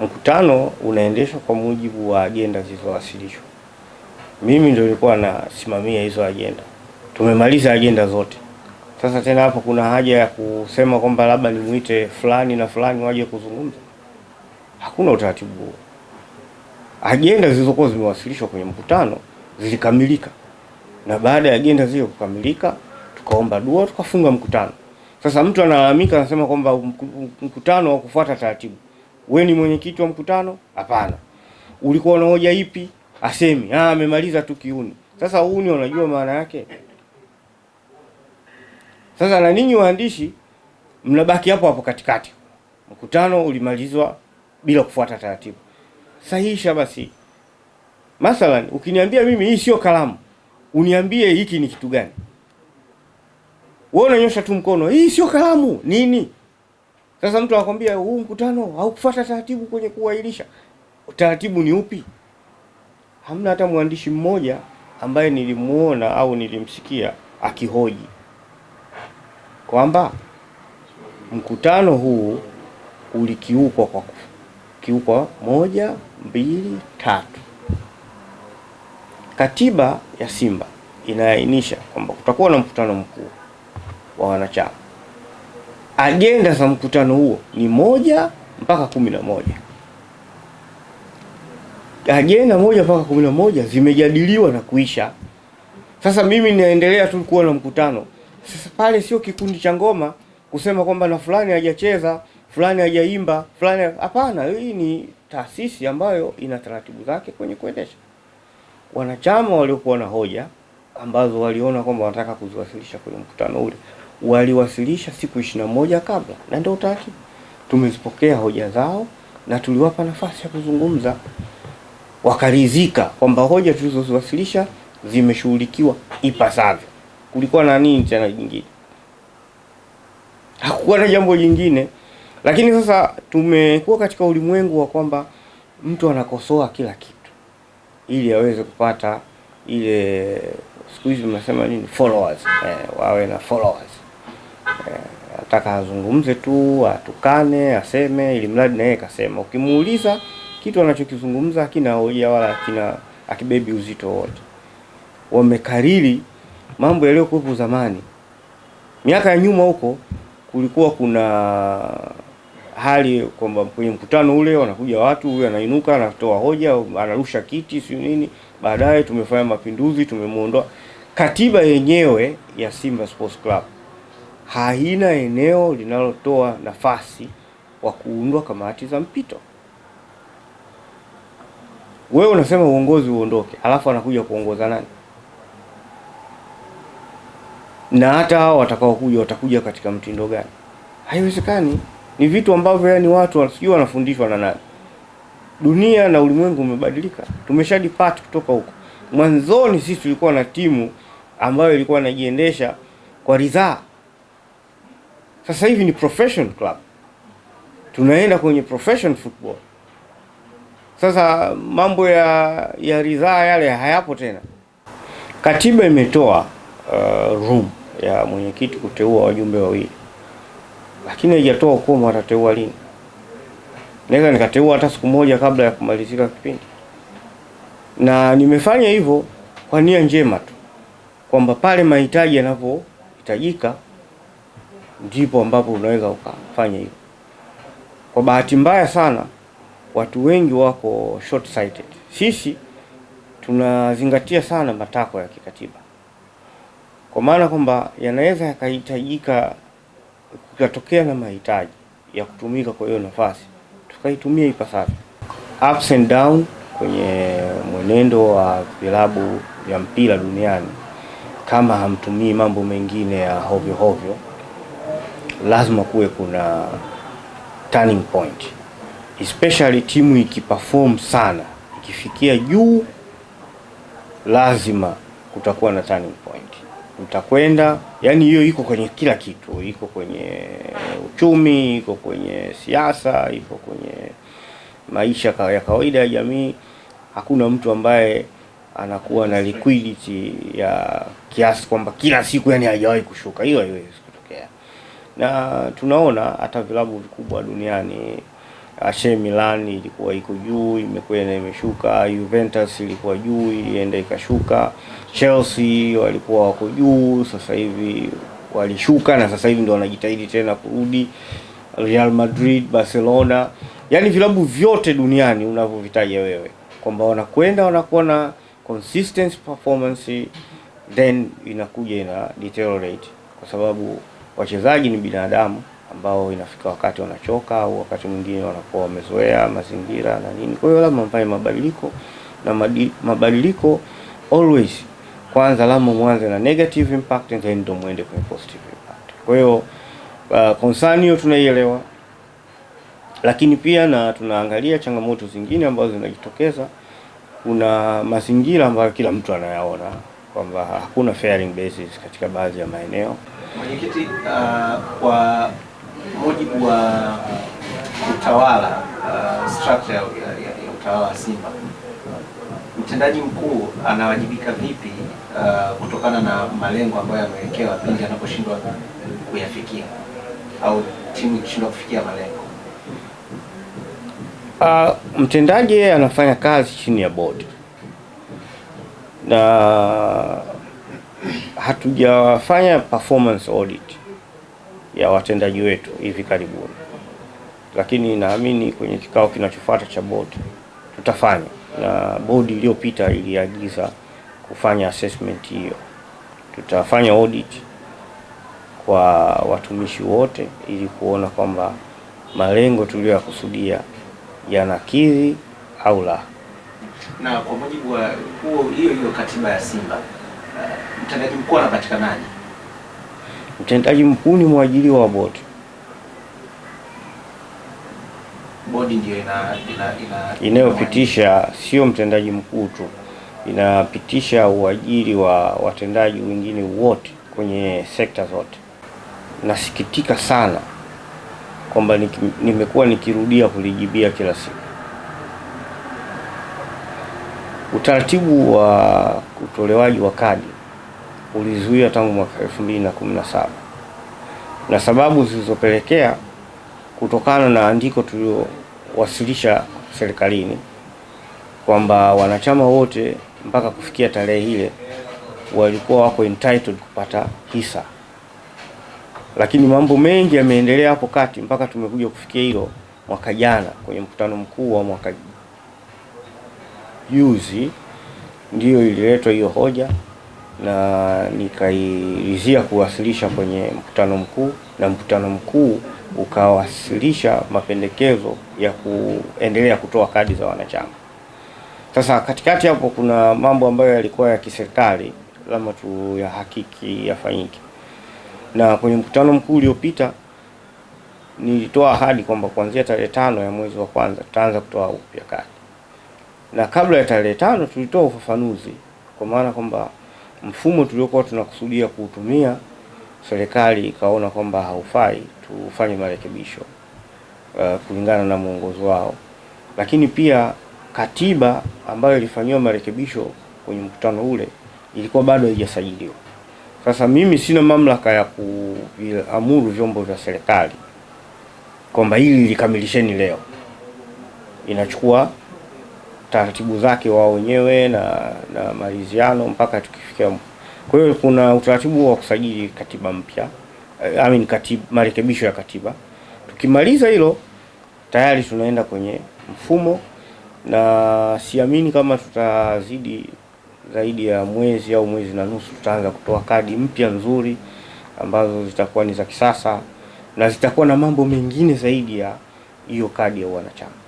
mkutano unaendeshwa kwa mujibu wa ajenda zilizowasilishwa. Mimi ndio nilikuwa nasimamia hizo ajenda, tumemaliza ajenda zote. Sasa tena hapo kuna haja ya kusema kwamba labda nimwite fulani na fulani waje kuzungumza. Hakuna utaratibu huo. Ajenda zilizokuwa zimewasilishwa kwenye mkutano zilikamilika, na baada ya ajenda zile kukamilika, tukaomba dua, tukafunga mkutano. Sasa mtu analalamika, anasema kwamba mkutano wa kufuata taratibu we ni mwenyekiti wa mkutano? Hapana. Ulikuwa na hoja ipi? Asemi ah, amemaliza tu kiuni. Sasa uni unajua maana yake? Sasa na ninyi waandishi mnabaki hapo hapo katikati, mkutano ulimalizwa bila kufuata taratibu. Sahihisha basi. Mathalan, ukiniambia mimi hii sio kalamu, uniambie hiki ni kitu gani? Wewe unanyosha tu mkono, hii sio kalamu nini? Sasa mtu anakwambia huu mkutano haukufuata taratibu kwenye kuwailisha. taratibu ni upi? Hamna hata mwandishi mmoja ambaye nilimuona au nilimsikia akihoji kwamba mkutano huu ulikiukwa kwa kiukwa moja, mbili, tatu. Katiba ya Simba inaainisha kwamba kutakuwa na mkutano mkuu wa wanachama ajenda za mkutano huo ni moja mpaka kumi na moja. Ajenda moja mpaka kumi na moja zimejadiliwa na kuisha. Sasa mimi naendelea tu kuwa na mkutano. Sasa pale sio kikundi cha ngoma kusema kwamba na fulani hajacheza, fulani hajaimba, fulani hapana. Hii ni taasisi ambayo ina taratibu zake kwenye kuendesha. Wanachama waliokuwa na hoja ambazo waliona kwamba wanataka kuziwasilisha kwenye mkutano ule waliwasilisha siku ishirini na moja kabla, na ndio utaratibu. Tumezipokea hoja zao na tuliwapa nafasi ya kuzungumza, wakaridhika kwamba hoja tulizoziwasilisha zimeshughulikiwa ipasavyo. Kulikuwa na nini tena jingine? Hakukuwa na jambo jingine. Lakini sasa tumekuwa katika ulimwengu wa kwamba mtu anakosoa kila kitu ili aweze kupata ile, siku hizi mnasema nini, followers eh, wawe na followers ataka azungumze tu, atukane, aseme, ili mradi naye kasema. Ukimuuliza kitu anachokizungumza hakina hoja wala hakina akibebi uzito wote. Wamekariri mambo yaliyokuwepo zamani, miaka ya nyuma huko kulikuwa kuna hali kwamba kwenye mkutano ule wanakuja watu, huyu anainuka anatoa hoja, anarusha kiti, si nini. Baadaye tumefanya mapinduzi, tumemuondoa. Katiba yenyewe ya Simba Sports Club haina eneo linalotoa nafasi wa kuundwa kamati za mpito. Wewe unasema uongozi uondoke, alafu anakuja kuongoza nani? Na hata hao watakaokuja watakuja katika mtindo gani? Haiwezekani. Ni vitu ambavyo yani watu sijui wanafundishwa na nani. Dunia na ulimwengu umebadilika, tumeshadipata kutoka huko. Mwanzoni sisi tulikuwa na timu ambayo ilikuwa inajiendesha kwa ridhaa sasa hivi ni profession club, tunaenda kwenye profession football. Sasa mambo ya ya ridhaa yale hayapo tena. Katiba imetoa uh, room ya mwenyekiti kuteua wajumbe wawili, lakini haijatoa ukomo watateua lini. Naweza nikateua hata siku moja kabla ya kumalizika kipindi, na nimefanya hivyo kwa nia njema tu kwamba pale mahitaji yanavyohitajika ndipo ambapo unaweza ukafanya hivyo. Kwa bahati mbaya sana, watu wengi wako short sighted. Sisi tunazingatia sana matakwa ya kikatiba, kwa maana kwamba yanaweza yakahitajika, kukatokea na mahitaji ya kutumika kwa hiyo nafasi, tukaitumia ipasavyo. Ups and down kwenye mwenendo wa vilabu vya mpira duniani, kama hamtumii mambo mengine ya hovyo hovyo lazima kuwe kuna turning point, especially timu ikiperform sana ikifikia juu, lazima kutakuwa na turning point. Mtakwenda yani, hiyo iko kwenye kila kitu, iko kwenye uchumi, iko kwenye siasa, iko kwenye maisha ya kawaida ya jamii. Hakuna mtu ambaye anakuwa na liquidity ya kiasi kwamba kila siku yani hajawahi kushuka, hiyo haiwezi kutokea na tunaona hata vilabu vikubwa duniani AC Milan ilikuwa iko juu, imekwenda imeshuka. Juventus ilikuwa juu, ilienda ikashuka. Chelsea walikuwa wako juu, sasa hivi walishuka, na sasa hivi ndio wanajitahidi tena kurudi. Real Madrid, Barcelona, yani vilabu vyote duniani unavyovitaja wewe kwamba wanakwenda wanakuwa na consistent performance, then inakuja ina deteriorate kwa sababu wachezaji ni binadamu ambao inafika wakati wanachoka au wakati mwingine wanakuwa wamezoea mazingira na nini. Kwa hiyo lazima mfanye mabadiliko na mabadiliko always kwanza lazima mwanze na negative impact and then ndo muende kwenye positive impact. Kwa hiyo uh, concern hiyo tunaielewa, lakini pia na tunaangalia changamoto zingine ambazo zinajitokeza. Kuna mazingira ambayo kila mtu anayaona kwamba hakuna fairing basis katika baadhi ya maeneo. Mwenyekiti, uh, kwa mujibu wa utawala uh, structure ya, ya utawala wa Simba, mtendaji mkuu anawajibika vipi uh, kutokana na malengo ambayo yamewekewa pindi anaposhindwa kuyafikia au timu ikishindwa kufikia malengo? Uh, mtendaji yeye anafanya kazi chini ya bodi na hatujafanya performance audit ya watendaji wetu hivi karibuni, lakini naamini kwenye kikao kinachofuata cha bodi tutafanya, na bodi iliyopita iliagiza kufanya assessment hiyo. Tutafanya audit kwa watumishi wote ili kuona kwamba malengo tuliyokusudia yanakidhi au la na kwa mujibu wa huo hiyo hiyo katiba ya Simba uh, mtendaji mkuu anapatikanaje? Mtendaji mkuu ni mwajiri wa bodi. ndio ina, ina, ina, inayopitisha, sio mtendaji mkuu tu, inapitisha uajiri wa watendaji wengine wote kwenye sekta zote. Nasikitika sana kwamba nimekuwa nikirudia kulijibia kila siku. Utaratibu wa utolewaji wa kadi ulizuia tangu mwaka elfu mbili na kumi na saba na sababu zilizopelekea kutokana na andiko tuliowasilisha serikalini kwamba wanachama wote mpaka kufikia tarehe ile walikuwa wako entitled kupata hisa, lakini mambo mengi yameendelea hapo kati mpaka tumekuja kufikia hilo mwaka jana kwenye mkutano mkuu wa mwaka juzi ndiyo ililetwa hiyo hoja na nikairizia kuwasilisha kwenye mkutano mkuu, na mkutano mkuu ukawasilisha mapendekezo ya kuendelea kutoa kadi za wanachama. Sasa katikati hapo kuna mambo ambayo yalikuwa ya kiserikali lazima tu ya hakiki yafanyike, na kwenye mkutano mkuu uliopita nilitoa ahadi kwamba kuanzia tarehe tano ya mwezi wa kwanza tutaanza kutoa upya kadi na kabla ya tarehe tano tulitoa ufafanuzi, kwa maana kwamba mfumo tuliokuwa tunakusudia kuutumia serikali ikaona kwamba haufai, tufanye marekebisho uh, kulingana na mwongozo wao, lakini pia katiba ambayo ilifanyiwa marekebisho kwenye mkutano ule ilikuwa bado haijasajiliwa. Sasa mimi sina mamlaka ya kuamuru vyombo vya serikali kwamba hili likamilisheni leo, inachukua taratibu zake wao wenyewe na, na maliziano mpaka tukifikia. Kwa hiyo kuna utaratibu wa kusajili katiba mpya eh, I mean katiba, marekebisho ya katiba. Tukimaliza hilo tayari tunaenda kwenye mfumo, na siamini kama tutazidi zaidi ya mwezi au mwezi na nusu, tutaanza kutoa kadi mpya nzuri ambazo zitakuwa ni za kisasa na zitakuwa na mambo mengine zaidi ya hiyo kadi ya wanachama.